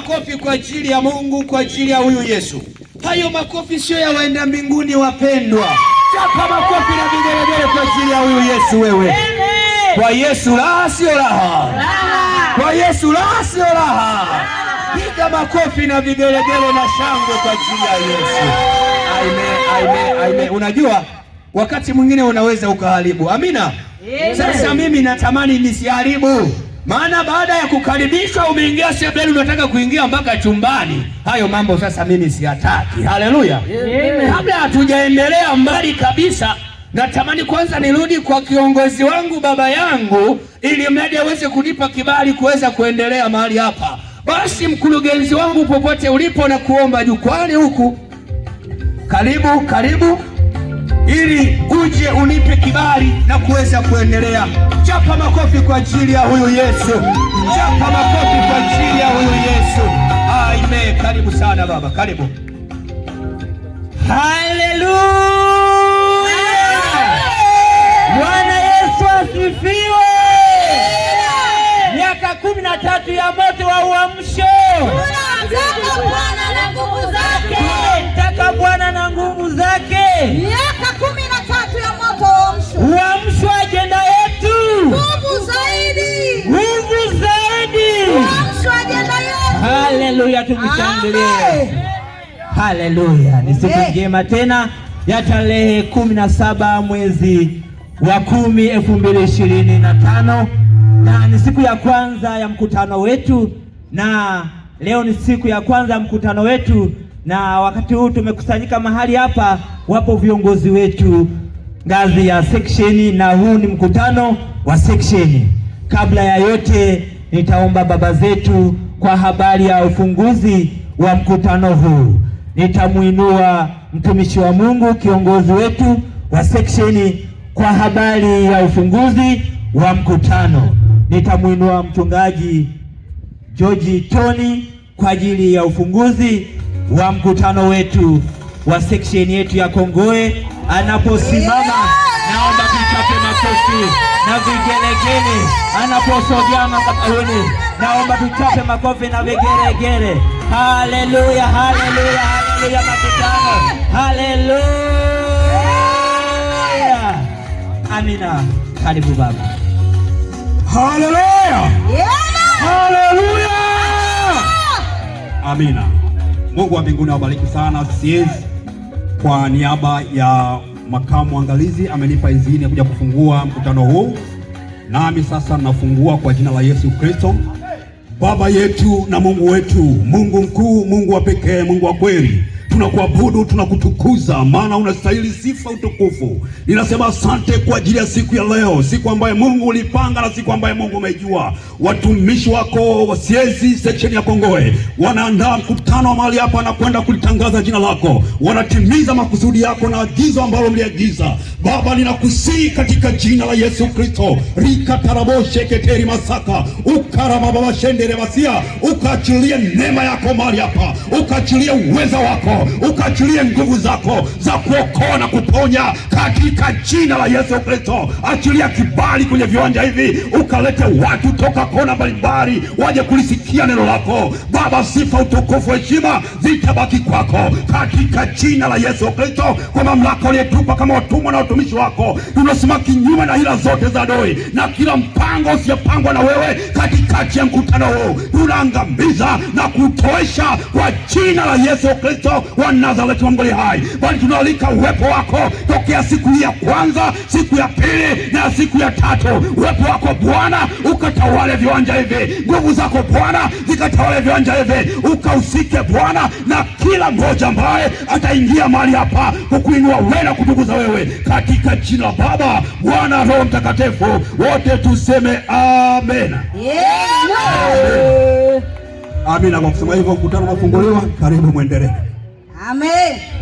makofi kwa ajili ya Mungu, kwa ajili ya huyu Yesu. Hayo makofi sio ya waenda mbinguni, wapendwa. Chapa makofi na vigelegele kwa ajili ya huyu Yesu. Wewe kwa Yesu raha, sio raha? Kwa Yesu raha, sio raha? Piga makofi na vigelegele na shangwe kwa ajili ya Yesu. Amen, amen, amen. Unajua wakati mwingine unaweza ukaharibu. Amina. Sasa mimi natamani nisiharibu maana baada ya kukaribishwa umeingia sebuleni, unataka kuingia mpaka chumbani. Hayo mambo sasa mimi siyataki. Haleluya! Kabla hatujaendelea mbali kabisa, natamani kwanza nirudi kwa kiongozi wangu, baba yangu, ili mradi aweze kunipa kibali kuweza kuendelea mahali hapa. Basi mkurugenzi wangu, popote ulipo, na kuomba jukwani huku, karibu karibu, ili uje unipe kibali na kuweza kuendelea. Chapa makofi kwa ajili ya huyu Yesu, chapa makofi kwa ajili ya huyu Yesu. Amen. Karibu sana baba, karibu. Haleluya. yetu mishangilie. Haleluya! Ni siku njema tena ya tarehe kumi na saba mwezi wa kumi elfu mbili ishirini na tano na ni siku ya kwanza ya mkutano wetu, na leo ni siku ya kwanza ya mkutano wetu, na wakati huu tumekusanyika mahali hapa, wapo viongozi wetu ngazi ya seksheni, na huu ni mkutano wa seksheni. Kabla ya yote nitaomba baba zetu kwa habari ya ufunguzi wa mkutano huu. Nitamwinua mtumishi wa Mungu, kiongozi wetu wa seksheni kwa habari ya ufunguzi wa mkutano. Nitamwinua mchungaji George Tony kwa ajili ya ufunguzi wa mkutano wetu wa seksheni yetu ya Kongoe anaposimama, naomba yake makofi na vigelegele anaposogea madhabahuni. Naomba tuchape makofi na vigelegele. Haleluya, haleluya, haleluya makutano, haleluya. Amina, karibu baba. Haleluya, haleluya, amina. Mungu wa mbinguni awabariki sana siezi kwa niaba ya makamu angalizi amenipa idhini ya kuja kufungua mkutano huu, nami sasa nafungua kwa jina la Yesu Kristo. Baba yetu na Mungu wetu, Mungu mkuu, Mungu wa pekee, Mungu wa kweli tunakuabudu, tunakutukuza, maana unastahili sifa, utukufu. Ninasema asante kwa ajili ya siku ya leo, siku ambayo Mungu ulipanga na siku ambayo Mungu umejua. Watumishi wako wasiezi Siezi section ya Kongoe wanaandaa mkutano wa mahali hapa na kwenda kulitangaza jina lako, wanatimiza makusudi yako na agizo ambalo mliagiza Baba. Ninakusii katika jina la Yesu Kristo keteri masaka ukaramababashenderevasia ukaachilie neema yako mahali hapa, ukaachilie uweza wako leo, nguvu zako za kuokoa na kuponya katika jina la Yesu Kristo. Achilia kibali kwenye viwanja hivi, ukalete watu toka kona mbalimbali waje kulisikia neno lako Baba. Sifa, utukufu, heshima zitabaki kwako katika jina la Yesu Kristo. Kwa mamlaka uliyetupa kama watumwa na watumishi wako, tunasimama kinyume na hila zote za doi na kila mpango usiyopangwa na wewe katikati ya mkutano huu, tunaangamiza na kutoesha kwa jina la Yesu Kristo. Nazareti wa wangali hai, bali tunaalika uwepo wako tokea siku ya kwanza, siku ya pili na siku ya tatu. Uwepo wako Bwana ukatawale viwanja hivi, nguvu zako Bwana zikatawale viwanja hivi, ukahusike Bwana na kila mmoja ambaye ataingia mahali hapa kukuinua wewe na kutukuza wewe, katika jina la Baba, bwana Roho Mtakatifu, wote tuseme amena. Amina. Kwa kusema hivyo, mkutano umefunguliwa. Karibu mwendelee. 阿妹。